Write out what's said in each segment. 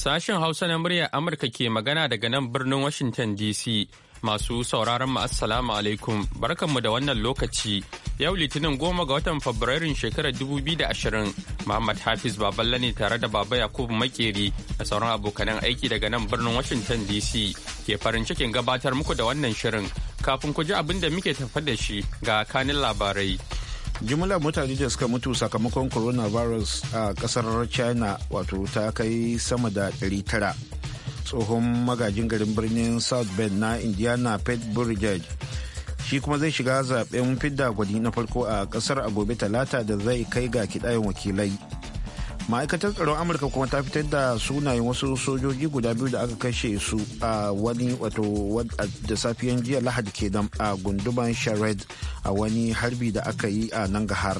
Sashen Hausa na muryar Amurka ke magana daga nan birnin Washington DC. Masu sauraron mu assalamu alaikum barkanmu da wannan lokaci yau litinin goma ga watan Fabrairun shekarar 2020 Muhammad Hafiz Baballa ne tare da Baba Yakubu Makeri da sauran abokanan aiki daga nan birnin Washington DC ke farin cikin gabatar muku da wannan shirin kafin ku ji abin da muke tafa da shi ga kanin labarai. jimlar mutane da suka mutu sakamakon coronavirus a kasar china wato ta kai sama da 900 tsohon magajin garin birnin south bend na indiana pet burgage shi kuma zai shiga zaben fidda gwani na farko a kasar a gobe talata da zai kai ga kidayen wakilai ma'aikatar tsaron amurka kuma ta fitar da sunayen wasu sojoji guda biyu da aka kashe su a wani wato da safiyan jiya lahadi kenan a gunduman shared a wani harbi da aka yi a nan gahar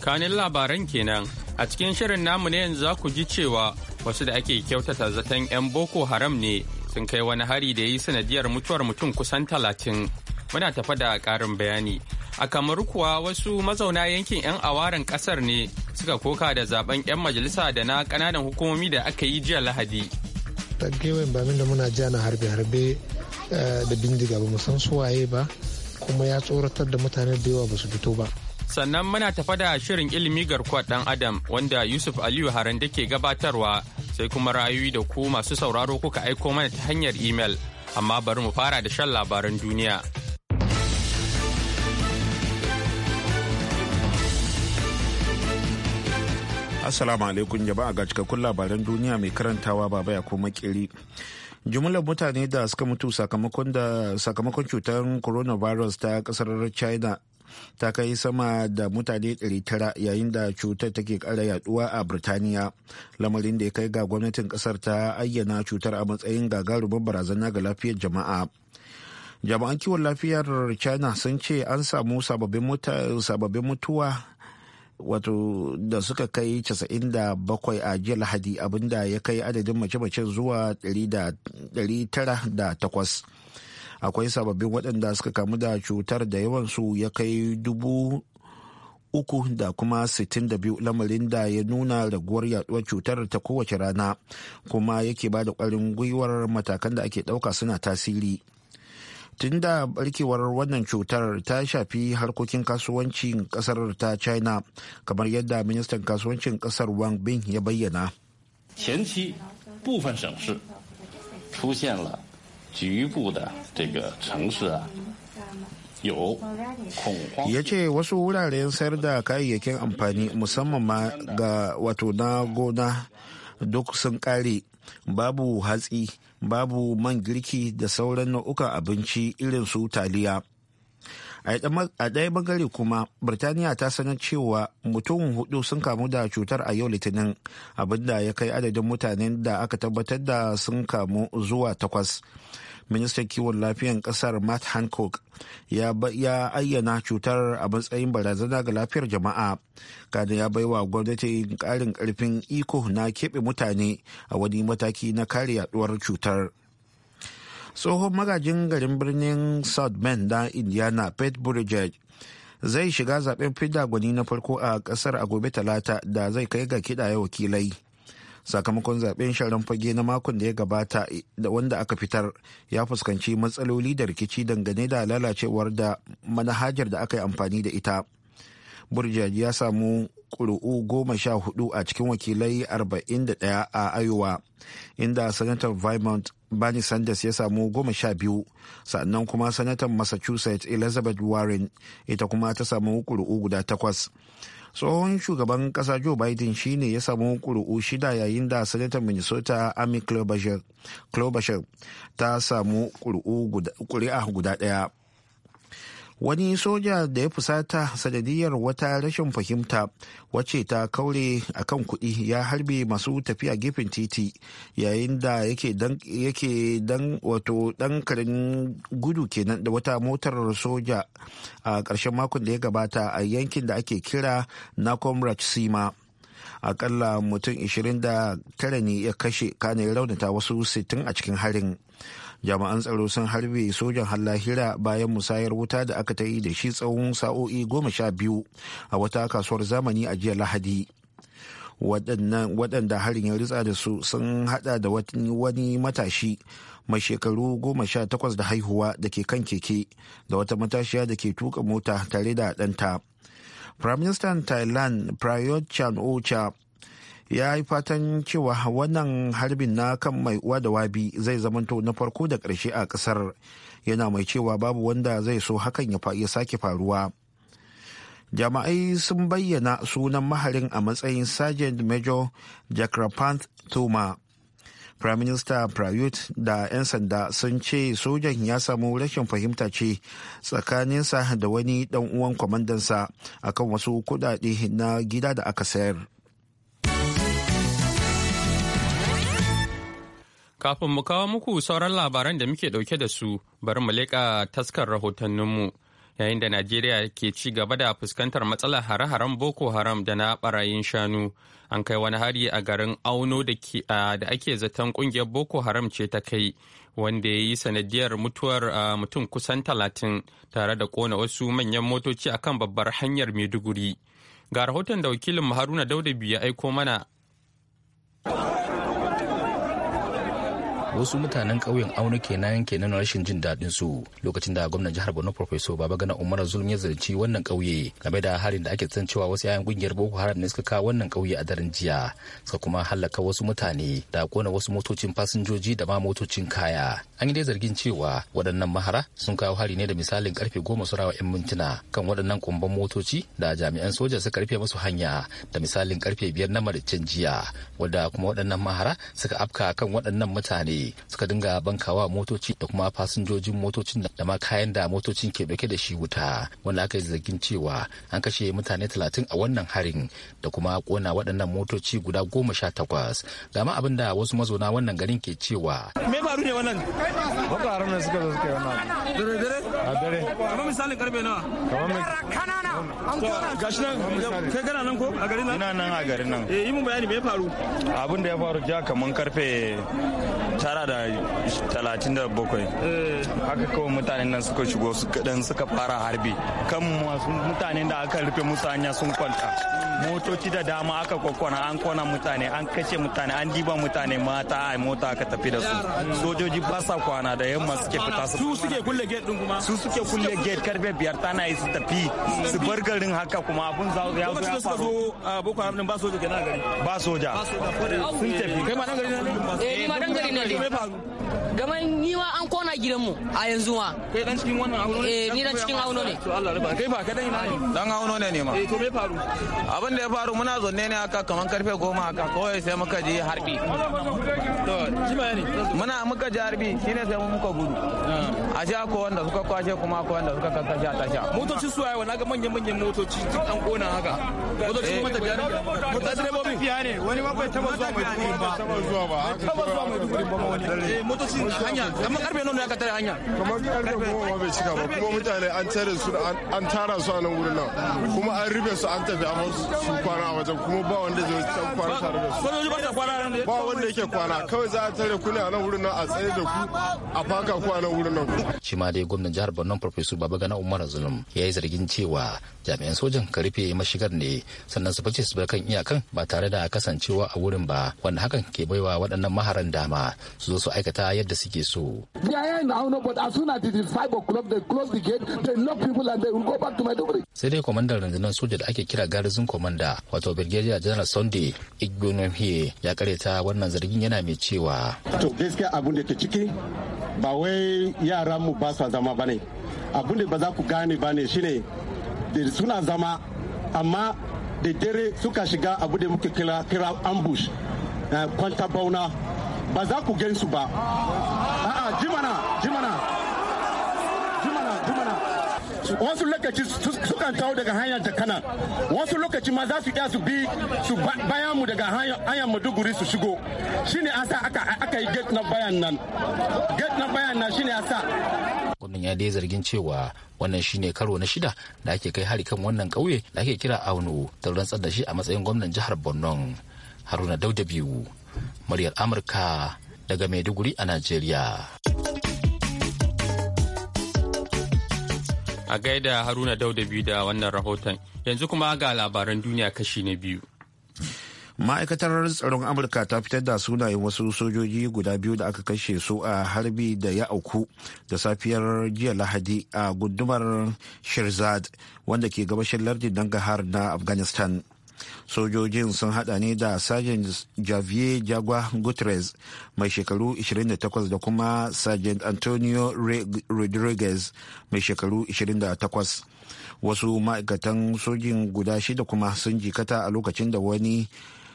kanin labaran kenan a cikin shirin namu ne yanzu za ku ji cewa wasu da ake kyautata zaton 'yan boko haram ne sun kai wani hari da ya yi sanadiyar mutuwar mutum kusan talatin muna tafa da ƙarin bayani a kamar kuwa wasu mazauna yankin 'yan awaren kasar ne suka koka da zaben 'yan majalisa da na kananan hukumomi da aka yi jiya lahadi ta ba min da muna jiya na harbe-harbe eh, da bindiga ba san suwaye ba kuma ya tsoratar da mutane da yawa ba su fito ba sannan muna tafa da shirin ilimi garkuwar dan adam wanda yusuf aliyu haran da ke gabatarwa sai kuma rayuwi da ku masu sauraro kuka aiko mana ta hanyar imel amma bari mu fara da shan labaran duniya Assalamu alaikum jama'a ga cikakkun labaran duniya mai karantawa baba ya kuma kiri. Jumlar mutane da suka mutu sakamakon da sakamakon cutar coronavirus ta kasar China ta kai sama da mutane 900 yayin da cutar take kara yaduwa a Birtaniya. Lamarin da ya kai ga gwamnatin kasar ta ayyana cutar a matsayin gagarumin barazana ga lafiyar jama'a. jama'an kiwon lafiyar China sun ce an samu sababbin mutuwa wato da suka kai 97 a jiya lahadi abinda ya kai adadin mace mace zuwa takwas akwai sababbin waɗanda suka kamu da cutar da yawansu ya kai dubu uku da kuma 62 lamarin da ya nuna raguwar yaduwar cutar ta kowace rana kuma yake ba da kwarin gwiwar matakan da ake ɗauka suna tasiri tun da barkewar wannan cutar ta shafi harkokin kasuwancin kasar ta china kamar yadda ministan kasuwancin kasar wang bin ya bayyana ya ce wasu wuraren sayar da kayayyakin amfani musamman ma ga wato na gona duk sun kare babu hatsi babu man girki da sauran nau'ukan abinci irin su taliya a ɗaya bangare kuma birtaniya ta sanar cewa mutum hudu sun kamu da cutar a yau litinin abinda ya kai adadin mutanen da aka tabbatar da sun kamu zuwa takwas ministan kiwon lafiyan kasar matt hancock ya ayyana cutar a matsayin barazana ga lafiyar jama'a kada ya baiwa gwamnati karin karfin iko na keɓe mutane a wani mataki na kare yaduwar cutar tsohon magajin garin birnin south bend na indiana pet bridget zai shiga zaben fidda gwani na farko a kasar a gobe talata da zai kai ga kiɗaya wakilai sakamakon zaben sharan fage na makon da ya gabata da wanda aka fitar ya fuskanci matsaloli da rikici dangane da lalacewar da manhajar da aka yi amfani da ita burjaji ya samu ƙuri'u goma sha hudu a cikin wakilai 41 a ayowa inda sanatar vermont bernie sanders ya samu goma sha biyu sannan kuma sanatar massachusetts elizabeth warren ita kuma ta samu ƙuri'u guda takwas tsohon shugaban kasa joe biden shine ya samu kuri'u shida yayin da sanatar minnesota amy klobuchar ta samu kuri'a guda daya wani soja da ya fusata sanadiyar wata rashin fahimta wacce ta kaure a kan kuɗi ya harbe masu tafiya gefen titi yayin da yake dan wato dan karin gudu kenan da wata motar soja a ƙarshen makon da ya gabata a yankin da ake kira comrade sima akalla mutum 29 ne ya kashe kane raunata wasu 60 a cikin harin jami'an tsaro sun harbe sojan hallahira bayan musayar wuta da aka ta yi da shi tsawon sa'o'i goma sha biyu a wata kasuwar zamani a jiya lahadi waɗanda harin ya ritsa da su sun hada da wani matashi mai shekaru goma sha takwas da haihuwa da ke kan keke da wata matashiya da ke tuka mota tare da ɗanta. Prime Minister Thailand Prayut Chan Ocha ya yi fatan cewa wannan harbin na kan mai uwa da wabi zai zamanto na farko da ƙarshe a ƙasar yana mai cewa babu wanda zai so hakan ya sake faruwa jama'ai sun bayyana sunan maharin a matsayin sergeant major jakrapant toma prime minister prayut da 'yan sanda sun ce sojan ya samu rashin fahimta ce tsakaninsa da wani dan uwan kwamandansa akan wasu kudade na gida da aka sayar Kafin mu kawo muku sauran labaran da muke ɗauke da su, bari mu leƙa taskar rahotanninmu. Yayin da Najeriya ke ci gaba da fuskantar matsalar hare-haren Boko Haram da na barayin shanu, an kai wani hari a garin Auno da ake zaton ƙungiyar Boko Haram ce ta kai, wanda ya yi sanadiyar mutuwar mutum kusan talatin tare da ƙona wasu manyan motoci akan babbar hanyar Maiduguri. Ga rahoton da wakilin Haruna Daudabi ya aiko mana. wasu mutanen ƙauyen auna kenan kenan rashin jin daɗin su lokacin da gwamnan jihar borno professor babagana umar zulum ya zarci wannan ƙauye game da harin da ake san cewa wasu yayan ƙungiyar boko haram ne suka kawo wannan ƙauye a daren jiya suka kuma hallaka wasu mutane da kona wasu motocin fasinjoji da ma motocin kaya an yi dai zargin cewa waɗannan mahara sun kawo hari ne da misalin karfe goma surawa 'yan mintuna kan waɗannan kumban motoci da jami'an soja suka rufe musu hanya da misalin karfe biyar na maricin jiya wadda kuma waɗannan mahara suka afka kan waɗannan mutane suka dinga bankawa motoci da kuma fasinjojin motocin da ma kayan da motocin ke dauke da shi wuta wanda aka yi zargin cewa an kashe mutane talatin a wannan harin da kuma kona waɗannan motoci guda goma sha takwas ga ma abin da wasu mazauna wannan garin ke cewa me faru ne wannan bakwaran ne suka zo suka yi wannan dare dare a dare kamar misalin karfe nawa kamar kanana an gashi nan kai kana nan ko a garin nan ina nan a garin nan eh yi mun bayani me ya faru abin da ya faru ja kamar karfe tara da talatin da bakwai eh, haka kawai mutanen nan suka shigo su kadan suka fara harbi kan masu mutanen da aka rufe musu hanya sun kwanta motoci da dama aka kwakwana an kona mutane an kashe mutane an diba mutane mata a mota aka tafi da su sojoji ba sa kwana da yamma suke fita su suke kulle gate din kuma su suke kulle gate karfe biyar tana yi su tafi su bar garin haka kuma abun za ya zo ya ah, faru boko haram din ba soja kenan gari ba soja sun tafi kai ma dan gari ne eh ni ma dan gari ne 别碰。Domin ni ma an kona gidan mu a yanzu ma. Kai dan cikin wannan auno ne? Eh ni dan cikin auno ne. To Allah riba kai ba ka dan ina ne? Dan auno ne ne ma. Eh to me faru? Abin da ya faru muna zonne ne haka kaman karfe goma haka kawai sai muka je harbi. To shi ma ne. Muna muka je harbi shine sai muka gudu. A ji ko wanda suka kwashe kuma ko wanda suka kakkashe a tasha. Motoci su yawa na ga manyan manyan motoci duk an kona haka. Motoci kuma da ne. Motoci direbobi. Tafiya ne wani ma bai taba zuwa mai ba. Taba zuwa mai ba wani. Eh, motoci hanya kamar karfe nono ya ka tare hanya kamar karfe goma bai cika ba kuma mutane an tare su an tara su a nan wurin nan kuma an rufe su an tafi amma su kwana a wajen kuma ba wanda zai can kwana tare da su ba wanda yake kwana kawai za a tare ku ne a nan wurin nan a tsaye da ku a faka ku a nan wurin nan shi ma dai gwamnan jihar Borno Professor Babagana Umar Zulum ya yi zargin cewa jami'an sojan ka rufe mashigar ne sannan su fice su bar kan iyakan ba tare da kasancewa a wurin ba wanda hakan ke baiwa waɗannan maharan dama su zo su aikata yadda suke so. Sai dai kwamandan rundunar soja da ake kira garizin kwamanda wato Brigadier General Sunday Igbonomhie ya karyata wannan zargin yana mai cewa. To gaskiya abin da ke ciki ba wai yara mu ba su zama bane. Abin da ba za ku gane bane shine da suna zama amma da dare suka shiga abu da muke kira ambush eh, kwanta bauna ba za ku gan su ba a'a jimana jimana jimana jimana wasu lokaci sukan tawo daga hanyar jakana wasu lokaci ma za su iya su bi su bayan mu daga hanyar maduguri su shigo shi ne asa aka aka yi gate na bayan nan gate na bayan nan ne asa gwamnan ya dai zargin cewa wannan shine karo na shida da ake kai hari kan wannan kauye da ake kira aunu da da shi a matsayin gwamnan jihar borno haruna dauda biyu muryar Amurka daga Maiduguri a Najeriya. A gaida Haruna Dauda biyu da wannan rahoton yanzu kuma ga labaran duniya kashi na biyu. ma'aikatar tsaron amurka ta fitar da sunayen wasu sojoji guda biyu da aka kashe su a harbi da ya auku da safiyar jiya lahadi a gundumar shirzad wanda ke gabashin lardin dangahar na afghanistan sojojin sun hada ne da sergeant javier jagua gutierrez mai shekaru 28 da kuma sergeant antonio rodriguez mai shekaru 28 wasu ma'aikatan sojin guda shida kuma sun jikata a lokacin da wani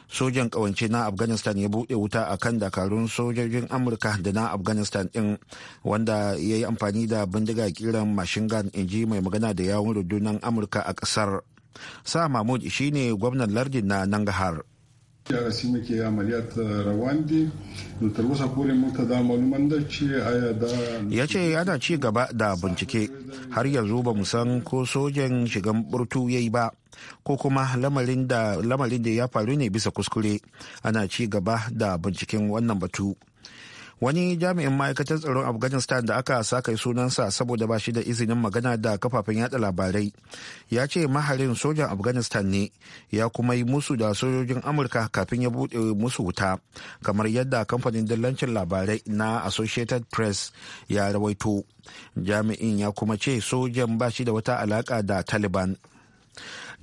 sojan kawance na afghanistan ya bude wuta a kan dakarun sojojin amurka da na afghanistan din wanda ya yi amfani da bindiga kiran in ji mai magana da yawon rundunar amurka a kasar. sa mahmud shine gwamnan lardin na nangahar yarasimi ke amaliyat rawandi ya ce ana ci gaba da bincike har yanzu ba san ko sojan shigan burtu ya yi ba ko kuma lamarin da ya faru ne bisa kuskure ana ci gaba da binciken wannan batu wani jami'in ma'aikatar tsaron afghanistan da aka saka sunansa saboda ba shi da izinin magana da kafafen yada labarai ya ce maharin sojan afghanistan ne ya kuma yi musu da sojojin amurka kafin ya bude musu wuta kamar yadda kamfanin dillancin labarai na associated press ya rawaito jami'in ya kuma ce sojan ba shi da wata alaka da taliban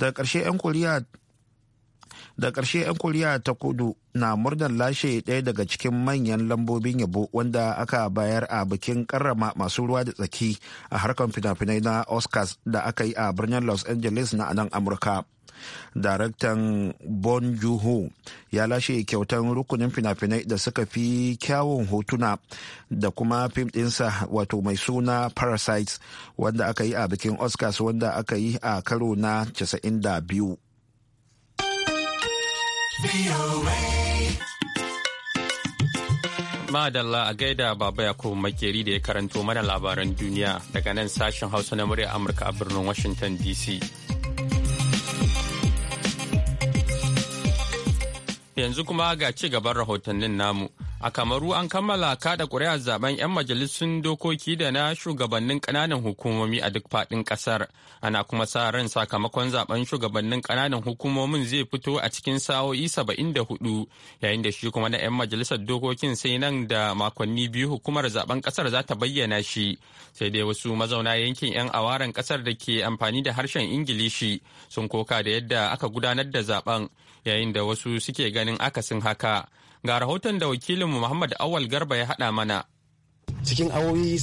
daga karshe 'yan koriya da ƙarshe 'yan koriya ta kudu na murnar lashe ɗaya daga cikin manyan lambobin yabo wanda aka bayar a bikin karrama masu ruwa da tsaki a harkar fina-finai na oscars da aka yi a birnin los angeles na anan amurka daraktan bon juho ya lashe kyautan rukunin fina-finai da suka fi kyawun hotuna da kuma fim ɗinsa wato mai suna parasites wanda aka yi a bikin oscars wanda aka yi a karo na 92 Madalla a gaida Baba Yakubu Makeri da ya karanto mana labaran duniya daga nan sashen Hausa na murya Amurka a birnin Washington DC. Yanzu kuma ga ci gaban rahotannin namu. A Kamaru an kammala kada ƙuri'ar zaben 'yan majalisun dokoki da na shugabannin ƙananan hukumomi a duk faɗin ƙasar. Ana kuma sa ran sakamakon zaben shugabannin ƙananan hukumomin zai fito a cikin sa'o'i 74 yayin da shi kuma na 'yan majalisar dokokin sai nan da makonni biyu hukumar zaben ƙasar za ta bayyana shi. Sai dai wasu mazauna yankin 'yan awaren ƙasar da ke amfani da harshen Ingilishi sun koka da yadda aka gudanar da zaben yayin da wasu suke ganin akasin haka. Ga rahoton da wakilinmu Muhammad Awal Garba ya haɗa mana cikin awowi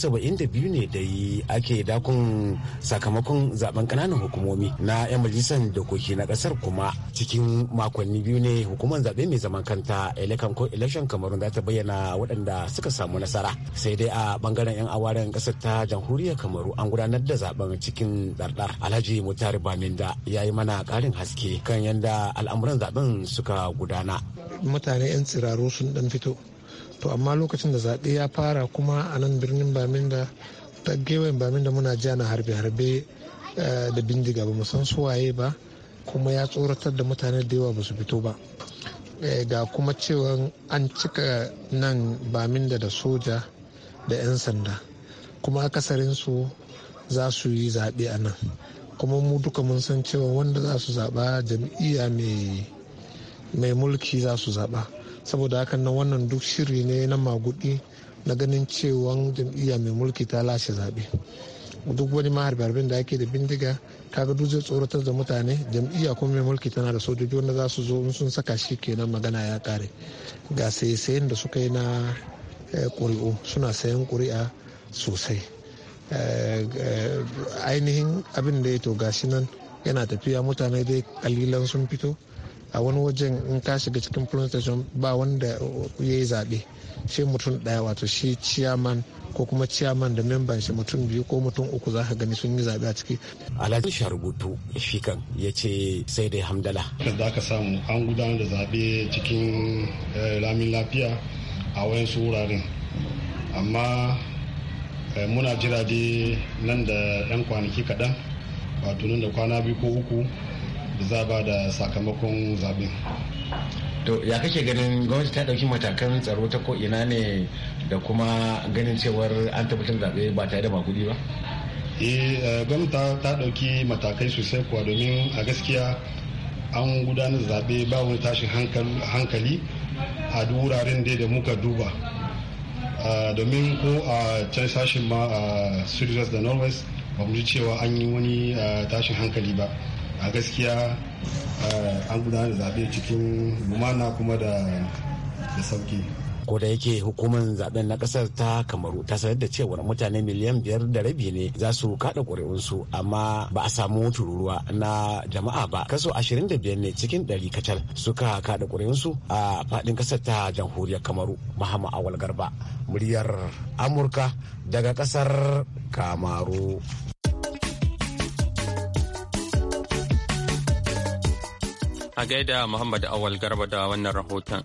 biyu ne da yi ake dakon sakamakon zaben kananan hukumomi na 'yan majalisar dokoki na kasar kuma cikin makonni biyu ne hukumar zaɓe mai zaman kanta elekan ko election kamarun za ta bayyana waɗanda suka samu nasara sai dai a bangaren 'yan awaren kasar ta jamhuriyar kamaru an gudanar da zaben cikin ɗarɗar alhaji mutari baminda ya yi mana ƙarin haske kan yadda al'amuran zaben suka gudana mutane 'yan tsiraru sun dan fito to amma lokacin da zaɓe ya fara kuma a nan birnin baminda ta gewayen baminda muna jiya na harbe-harbe eh, da bindiga ba san suwaye ba kuma ya tsoratar da mutane da yawa ba su fito ba eh, ga kuma cewa an cika nan baminda da soja da 'yan sanda kuma akasarinsu za su yi zaɓe a nan kuma mu duka mun san cewa wanda za su zaɓa jam'iyya mai mulki za su zaɓa saboda hakan nan wannan duk shiri ne na magudi na ganin cewa jam'iyya mai mulki ta lashe zaɓe duk wani maharbarbin da ake da bindiga kaga duk zai tsoratar da mutane jam'iyya kuma mai mulki tana da sojoji wanda za su zo in sun saka shi kenan magana ya kare ga sayen da suka yi na eh, ƙuri'u suna sayan ƙuri'a sosai eh, eh, ainihin abin da ya to gashi nan yana tafiya mutane dai kalilan sun fito a wani wajen in ka shiga cikin polling station ba wanda ya yi zaɓe shi mutum ɗaya wato shi ciyaman ko kuma ciyaman da memban shi mutum biyu ko mutum uku za ka gani sun yi zaɓe a ciki. Alhaji Sharubutu shi kan ya ce sai dai hamdala. Da aka samu an gudanar da zaɓe cikin eh, ramin lafiya a wayansu wuraren amma eh, muna jira dai nan da 'yan kwanaki kaɗan wato nan da kwana biyu ko uku da za ba da sakamakon zaben to ya kake ganin gwamnati ta ɗauki matakan tsaro ta ko ina ne da kuma ganin cewar an tabbatar zaɓe ba tare da makudi ba eh, eh, gwamnati ta ɗauki matakai sosai kuwa domin a gaskiya an gudanar zaɓe ba wani tashin hankali a wuraren da muka duba domin ko a can sashen ma a sudwest da norway ba mu ji cewa an yi wani eh, tashin hankali ba a gaskiya eh, an gudanar da zaɓe cikin lumana kuma da sauki ko da yake hukumar zaben na kasar ta kamaru ta sanar da cewar mutane miliyan biyar da rabi ne za su kada ƙuri'unsu amma ba a samu tururuwa na jama'a ba kaso ashirin da biyar ne cikin ɗari kacal suka kada ƙuri'unsu a faɗin kasar ta jamhuriyar kamaru mahama awal garba muryar amurka daga kasar kamaru a gaida Muhammad Awal Garba da wannan rahoton.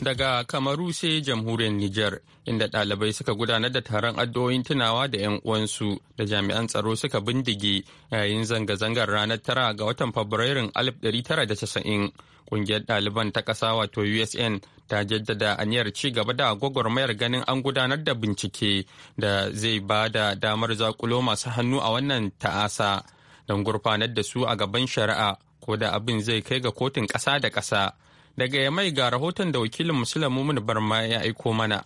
Daga Kamaru sai jamhuriyar Nijar, inda ɗalibai suka gudanar da taron addu'o'in tunawa da 'yan uwansu da jami'an tsaro suka bindige yayin zanga-zangar ranar tara ga watan Fabrairun 1990. Ƙungiyar ɗaliban ta ƙasa wato USN ta jaddada aniyar ci gaba da gwagwarmayar ganin an gudanar da bincike da zai ba da damar zakulo masu hannu a wannan ta'asa don gurfanar da su a gaban shari'a. ko da abin zai kai ga kotun ƙasa da ƙasa. Daga Yamai ga rahoton da wakilin Musulun Mumin Barma ya aiko mana.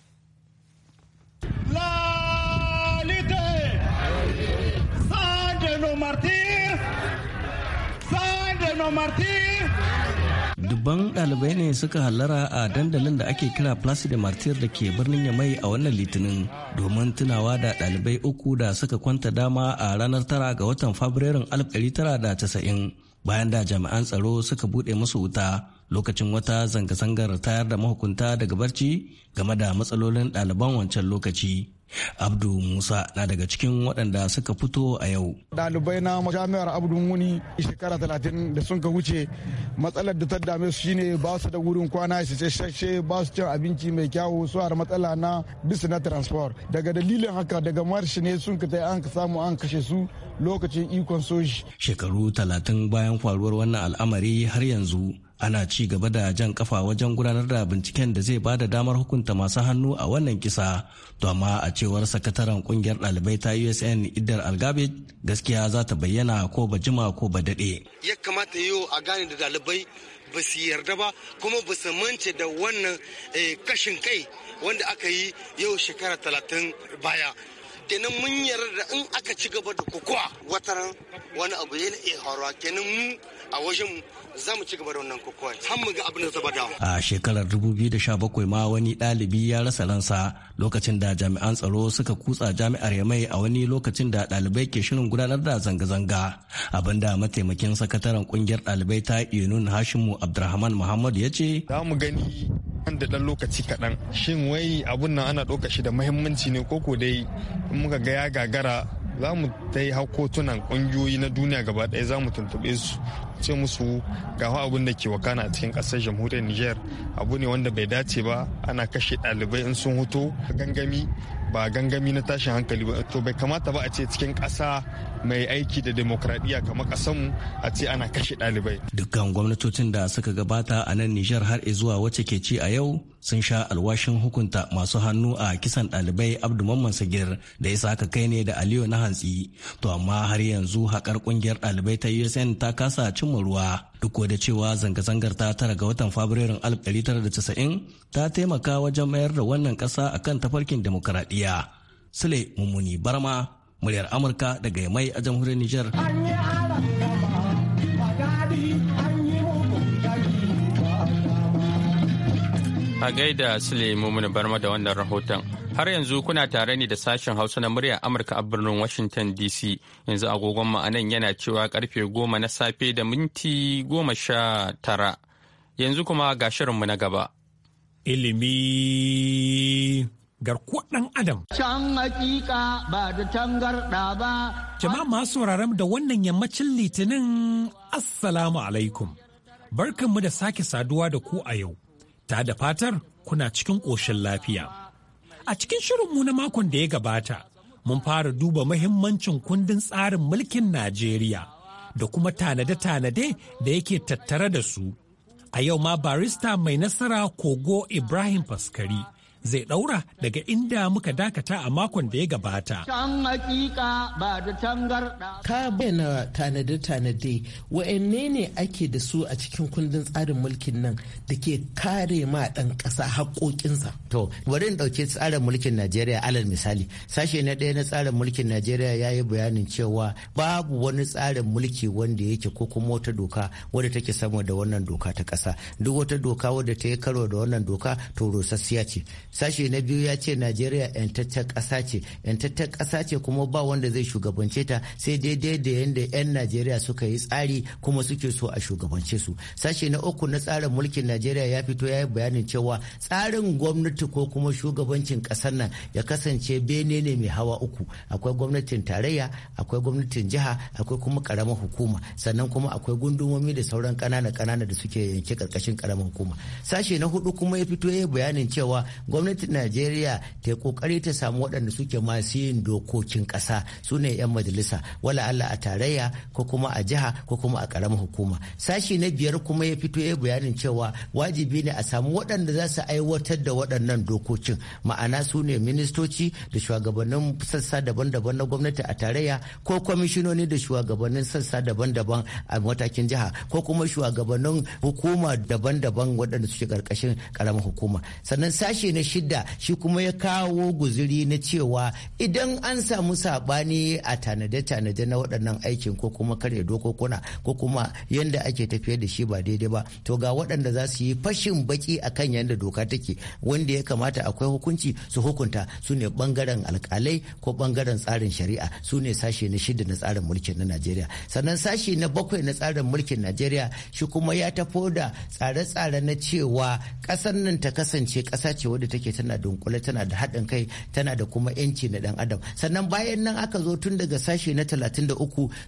Dubban ɗalibai ne suka hallara a dandalin da ake kira Place de Martyr da ke birnin Yamai a wannan litinin domin tunawa da ɗalibai uku da suka kwanta dama a ranar tara ga watan Fabrairun 1990 bayan da jami'an tsaro suka buɗe musu wuta lokacin wata zanga-zangar tayar da mahukunta daga barci game da matsalolin ɗaliban wancan lokaci abdu musa na daga cikin waɗanda suka fito a yau ɗalibai na jami'ar abdu muni shekara talatin da sun ka wuce matsalar da ta dame su shine ba su da wurin kwana isasshe ba su cin abinci mai kyawu su har matsala na bisu na transport daga dalilin haka daga marshi ne sun ka an ka samu an kashe su lokacin ikon soji shekaru talatin bayan faruwar wannan al'amari har yanzu ana ci gaba da jan kafa wajen gudanar da binciken da zai bada damar hukunta masu hannu a wannan kisa to amma a cewar sakataren kungiyar dalibai ta usn idar algabe gaskiya za ta bayyana ko ba jima ko ba dade. ya kamata yau a gane da dalibai ba su yarda ba kuma ba su mance da wannan eh, kashin kai wanda aka yi yau shekara talatin baya kenan mun yarda in aka ci gaba da kokowa wataran wani abu yana iya horowa kenan mu a wajen za mu ci gaba da wannan kokowai har mu ga abin da zaba dawo. A shekarar 2017 ma wani ɗalibi ya rasa ransa lokacin da jami'an tsaro suka kutsa jami'ar Yamai a wani lokacin da ɗalibai ke shirin gudanar da zanga-zanga. Abinda mataimakin sakataren kungiyar ɗalibai ta Yunun Hashimu Abdulrahman Muhammad ya ce. Za mu gani nan da ɗan lokaci kaɗan shin wai abun nan ana ɗauka shi da muhimmanci ne koko dai in muka ga ya gagara za mu ta yi hakotunan ƙungiyoyi na duniya gaba ɗaya za mu tuntuɓe su ce musu ga abin da ke wakana a cikin ƙasar jamhuriyar niger abu ne wanda bai dace ba ana kashe ɗalibai in sun hoto gangami ba gangami na tashin hankali ba to bai kamata ba a ce cikin ƙasa mai aiki da demokradiyya kamar mu a ce ana kashe ɗalibai. Dukkan gwamnatocin da suka gabata a nan Nijar har zuwa wacce ke ci a yau sun sha alwashin hukunta masu hannu a kisan ɗalibai abdu mamman sagir da ya saka kai ne da aliyu na hantsi to amma har yanzu haƙar ƙungiyar ɗalibai ta usn ta kasa cimma ruwa duk da cewa zanga-zangar ta tara ga watan fabrairun 1990 ta taimaka wajen mayar da wannan ƙasa a kan tafarkin demokaradiyya sule mummuni barma muryar amurka daga mai a jamhuriyar niger A gaida Sule bar Barma da wannan rahoton. Har yanzu kuna tare ne da sashen Hausa na murya Amurka a birnin Washington DC. Yanzu agogon mu anan yana cewa karfe goma na safe da minti goma sha tara. Yanzu kuma ga shirinmu na gaba. Ilimi garkuwar ɗan adam. Can hakika ba da tangarɗa ba. Jama'a masu sauraron da wannan yammacin litinin Assalamu alaikum. Barkanmu da sake saduwa da ku a yau. ta da fatar kuna cikin ƙoshin lafiya. A cikin shirinmu na makon da ya gabata, mun fara duba mahimmancin kundin tsarin mulkin Najeriya da kuma tanade-tanade da yake tattare da su. A yau ma barista mai nasara Kogo Ibrahim Faskari zai ɗaura daga inda muka dakata a makon da ya gabata. Can hakika ba da tangarɗa. Ka bayyana tanade-tanade wa'anne ne ake da su a cikin kundin tsarin mulkin nan da ke kare ma ɗan ƙasa haƙoƙinsa. To, bari in ɗauki tsarin mulkin Najeriya alal misali. Sashe na ɗaya na tsarin mulkin Najeriya ya yi bayanin cewa babu wani tsarin mulki wanda yake ko kuma wata doka wadda take sama da wannan doka ta ƙasa. Duk wata doka wadda ta yi karo da wannan doka to rusassiya ce. sashe na biyu ya ce najeriya yantaccen ƙasa ce yantaccen ƙasa ce kuma ba wanda zai shugabance ta sai daidai da yadda 'yan najeriya suka yi tsari kuma suke so a shugabance su sashe na uku na tsarin mulkin najeriya ya fito ya yi bayanin cewa tsarin gwamnati ko kuma shugabancin ƙasar nan ya kasance bene ne mai hawa uku akwai gwamnatin tarayya akwai gwamnatin jiha akwai kuma karamar hukuma sannan kuma akwai gundumomi da sauran ƙanana kanana da suke yanke ƙarƙashin karamar hukuma sashe na hudu kuma ya fito ya yi bayanin cewa gwamnatin najeriya ta yi kokari ta samu waɗanda suke masu yin dokokin ƙasa su ne 'yan majalisa wala allah a tarayya ko kuma a jiha ko kuma a ƙaramin hukuma sashi na biyar kuma ya fito ya bayanin cewa wajibi ne a samu waɗanda za su aiwatar da waɗannan dokokin ma'ana su ne ministoci da shugabannin sassa daban-daban na gwamnati a tarayya ko kwamishinoni da shugabannin sassa daban-daban a matakin jiha ko kuma shugabannin hukuma daban-daban waɗanda suke ƙarƙashin ƙaramin hukuma sannan sashi na shida shi kuma ya kawo guziri na cewa idan an samu sabani a tanade-tanade na waɗannan aikin ko kuma karya dokokuna ko kuma yadda ake tafiyar da shi ba daidai ba to ga waɗanda za su yi fashin baki kan yadda doka take wanda ya kamata akwai hukunci su hukunta su ne ɓangaren alkalai ko ɓangaren tsarin shari'a su ne sashe na shida na tsarin mulkin na najeriya sannan sashe na bakwai na tsarin mulkin najeriya shi kuma ya tafo da tsare-tsare na cewa ƙasar nan ta kasance ƙasa ce wadda take tana dunkule tana da haɗin kai tana da kuma 'yanci na ɗan adam sannan bayan nan aka zo tun daga sashe na 33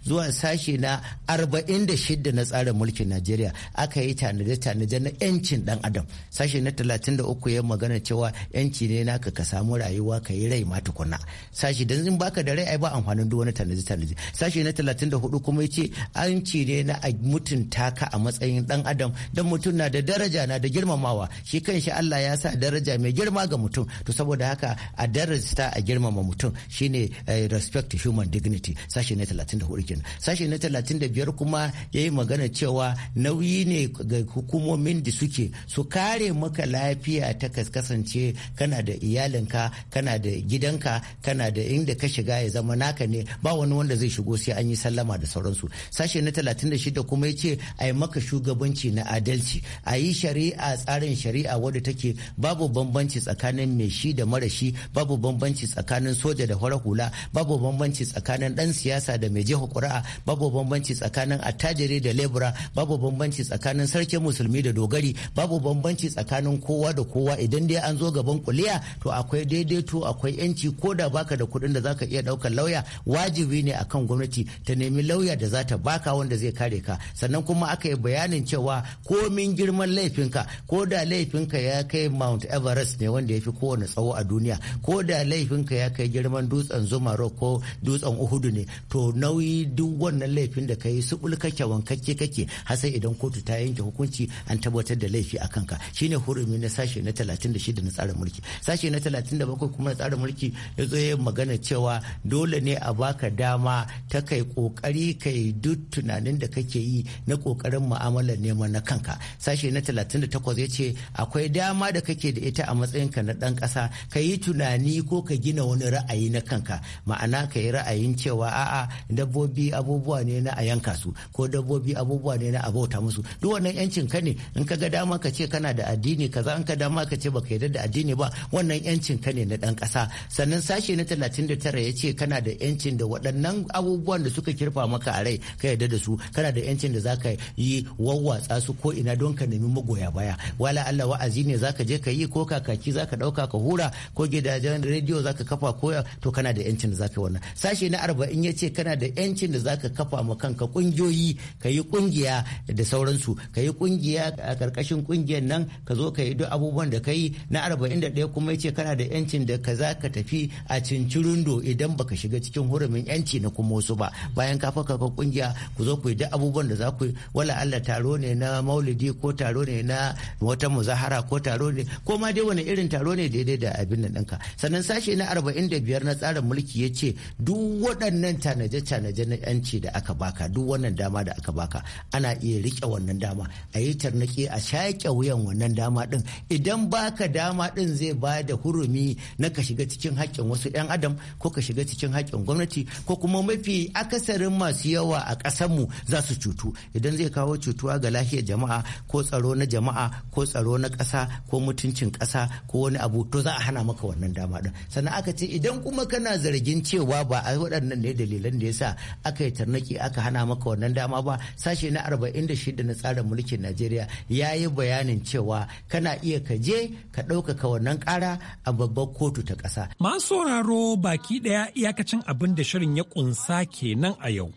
zuwa sashe na 46 na tsarin mulkin najeriya aka yi tanade-tanade na 'yancin ɗan adam sashe na 33 ya magana cewa 'yanci ne naka ka samu rayuwa ka yi rai ma tukuna sashe don in baka da rai ai ba amfanin duk wani tanade-tanade sashe na 34 kuma ya ce an ci ne na a mutunta ka a matsayin ɗan adam don mutum na da daraja na da girmamawa shi kanshi Allah ya sa daraja mai girma ga mutum to saboda haka a darasta a girmama mutum shine eh, respect to human dignity sashi na 34 kenan sashi na 35 kuma yayi magana cewa nauyi ne ga hukumomin da suke su kare maka lafiya ta kasance kana da iyalinka kana da gidanka kana da inda ka shiga ya zama naka ne ba wani wanda zai shigo sai an yi sallama da sauransu sashe na 36 kuma yace a yi maka shugabanci na adalci a yi shari'a tsarin shari'a wadda take babu bambanci bambanci tsakanin mai shi da mara shi babu bambanci tsakanin soja da fara hula babu bambanci tsakanin dan siyasa da mai jiha ƙuri'a babu bambanci tsakanin attajiri da lebura babu bambanci tsakanin sarkin musulmi da dogari babu bambanci tsakanin kowa da kowa idan dai an zo gaban kuliya to akwai daidaito akwai yanci ko da baka da kuɗin da zaka iya ɗaukar lauya wajibi ne akan gwamnati ta nemi lauya da za ta baka wanda zai kare ka sannan kuma aka yi bayanin cewa komin girman laifinka ko da laifinka ya kai mount everest ne wanda ya fi kowane tsawo a duniya ko da laifinka ya kai girman dutsen zumaro ko dutsen uhudu ne to nauyi duk wannan laifin da ka yi subul kake wankakke kake har sai idan kotu ta yanke hukunci an tabbatar da laifi a kanka shine hurumi na sashe na 36 na tsarin mulki sashe na 37 kuma na tsarin mulki ya zo ya magana cewa dole ne a baka dama ta kai kokari kai duk tunanin da kake yi na kokarin mu'amalar neman na kanka sashe na 38 ya ce akwai dama da kake da ita a matsayinka na ɗan ƙasa ka yi tunani ko ka gina wani ra'ayi na kanka ma'ana ka yi ra'ayin cewa a'a dabbobi abubuwa ne na a yanka su ko dabbobi abubuwa ne na a bauta musu duk wannan yancin ka ne in ka ga dama ka ce kana da addini kaza in ka dama ka ce baka yarda da addini ba wannan yancin ka ne na ɗan ƙasa sannan sashe na da tara ya ce kana da yancin da waɗannan abubuwan da suka kirfa maka a rai ka yarda da su kana da yancin da zaka yi wawwatsa su ko ina don ka nemi magoya baya wala Allah wa'azi ne zaka je ka yi ko ka za zaka dauka ka hura ko gidajen rediyo zaka kafa koya to kana da yancin da zaka wannan sashe na arba'in ya ce kana da yancin da zaka kafa ma kanka kungiyoyi ka yi kungiya da sauransu ka yi kungiya a karkashin kungiyar nan ka zo ka yi duk abubuwan da ka yi na arba'in da ɗaya kuma ya ce kana da yancin da ka za ka tafi a cincirundo idan baka shiga cikin hurumin yanci na kuma wasu ba bayan ka faka ka kungiya ku zo ku yi duk abubuwan da za ku yi wala Allah taro ne na maulidi ko taro ne na wata muzahara ko taro ne ko ma dai wani irin taro ne daidai da abin nan ɗinka sannan sashe na arba'in da biyar na tsarin mulki ya ce duk waɗannan tanaje-tanaje na yanci da aka baka duk wannan dama da aka baka ana iya rike wannan dama a yi tarnaki a shaƙe wuyan wannan dama ɗin idan baka dama ɗin zai ba da hurumi na ka shiga cikin haƙƙin wasu 'yan adam ko ka shiga cikin haƙƙin gwamnati ko kuma mafi akasarin masu yawa a ƙasarmu za su cutu idan zai kawo cutuwa ga lafiyar jama'a ko tsaro na jama'a ko tsaro na ƙasa ko mutuncin ƙasa ko wani abu to za a hana maka wannan dama din sannan aka ce idan kuma kana zargin cewa ba a waɗannan ne dalilan da yasa aka yi tarnaki aka hana maka wannan dama ba sashe na arba'in da 46 na tsarin mulkin Najeriya ya yi bayanin cewa kana iya ka je ka ɗaukaka wannan ƙara a babbar kotu ta ƙasa. Masu sauraro baki ɗaya iyakacin abin da shirin ya ƙunsa kenan a yau.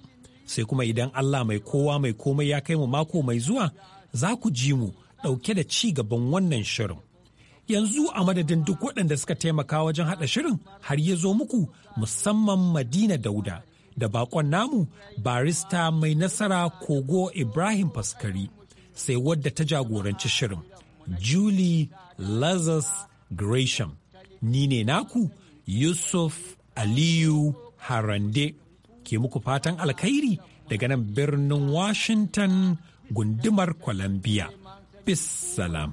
Sai kuma idan Allah mai kowa mai komai ya kai mu mako mai zuwa za ku ji mu ɗauke da ci gaban wannan shirin. yanzu a madadin duk waɗanda suka taimaka wajen haɗa shirin har ya zo muku musamman madina dauda da bakon namu barista mai nasara kogo ibrahim faskari sai wadda ta jagoranci shirin julie lazarus gresham ni ne naku yusuf aliyu harande ke muku fatan alkhairi daga nan birnin washington gundumar columbia bis salam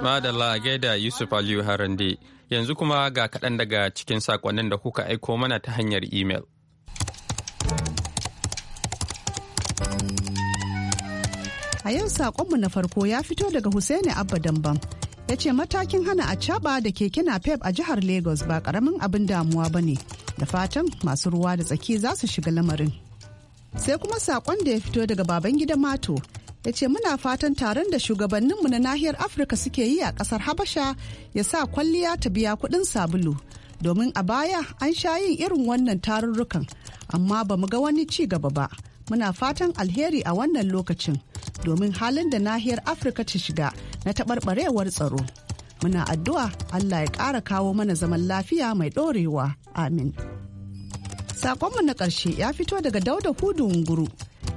Madalla gaida Yusuf Aliyu Harande. Yanzu kuma ga kaɗan daga cikin saƙonnin da kuka aiko mana ta hanyar imel. A yau saƙonmu na farko ya fito daga Hussaini Abba Dambam. ya ce matakin hana a caba da keke pep a jihar lagos ba ƙaramin abin damuwa ba ne da fatan masu ruwa da tsaki za su shiga lamarin sai kuma saƙon da ya fito daga baban gidan mato ya ce muna fatan taron da shugabanninmu na nahiyar afirka suke yi a kasar habasha ya sa kwalliya ta biya kudin sabulu domin a baya an sha yin irin wannan tarurrukan amma ba mu ga wani ci gaba ba muna fatan alheri a wannan lokacin domin halin da nahiyar afirka ta shiga na taɓarɓarewar tsaro muna addu'a allah ya ƙara kawo mana zaman lafiya mai ɗorewa amin saƙonmu na ƙarshe ya fito daga dauda hudu nguru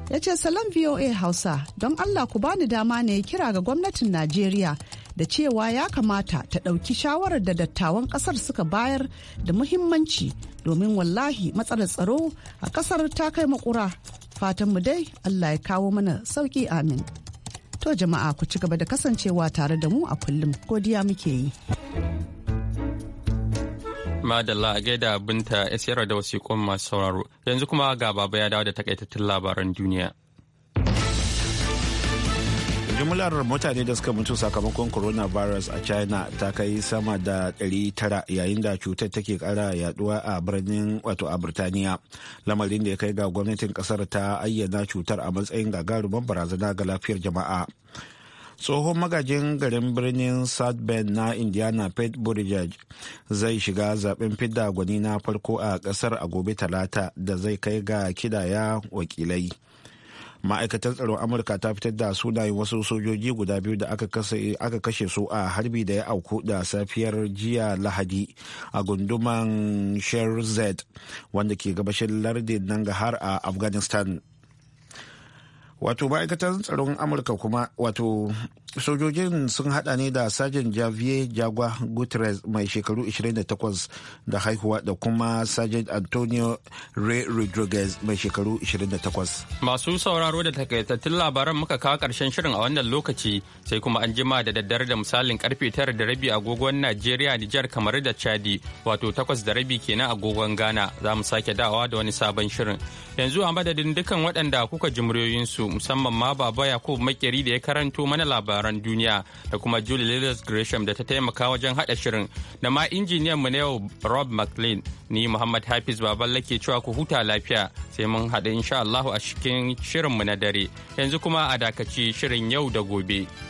ya ce salam voa hausa don allah ku bani dama ne kira ga gwamnatin najeriya da cewa ya kamata ta ɗauki shawarar da dattawan ƙasar suka bayar da muhimmanci domin wallahi matsalar tsaro a ƙasar ta kai makura fatan mu dai allah ya kawo mana sauki amin to jama'a ku ci gaba da kasancewa tare da mu a kullum godiya muke yi. Madalla a gaida binta ya sayar da wasiƙun masu sauraro. Yanzu kuma ga baba ya dawo da takaitattun labaran duniya. jumlar mutane da suka mutu sakamakon coronavirus a china ta kai sama da 900 yayin da cutar take kara yaduwa a birnin wato a birtaniya lamarin da ya kai ga gwamnatin kasar ta ayyana cutar a matsayin gagarumin barazana ga lafiyar jama'a tsohon magajin garin birnin south bend na indiana pet buttigieg zai shiga zaben fidda gwani na farko a kasar a gobe talata da zai kai ga kidaya wakilai ma'aikatar tsaron amurka ta fitar da sunayen wasu sojoji guda biyu da aka kashe su a harbi da ya auku da safiyar jiya lahadi a gunduman sherzed wanda ke gabashin lardin nan nangahar a afghanistan wato ma'aikatar tsaron amurka kuma wato sojojin sun hada ne da sajin javier jagua guterres mai shekaru 28 da haihuwa da kuma sajin antonio ray rodriguez mai shekaru 28 masu sauraro da takaitattun labaran muka kawo karshen shirin a wannan lokaci sai kuma an jima da daddare da misalin karfe 9 da rabi agogon najeriya nijar kamar da chadi wato 8 da rabi kenan agogon ghana za mu sake dawa da wani sabon shirin yanzu a madadin dukkan waɗanda kuka ji musamman ma baba yakub makeri da ya karanto mana labaran labaran duniya da kuma Julie lillis Gresham da ta taimaka wajen haɗa shirin da ma injiniyan mu na yau Rob McLean ni Muhammad Hafiz Baballe ke cewa ku huta lafiya sai mun haɗu insha Allahu a cikin shirin mu na dare yanzu kuma a dakaci shirin yau da gobe.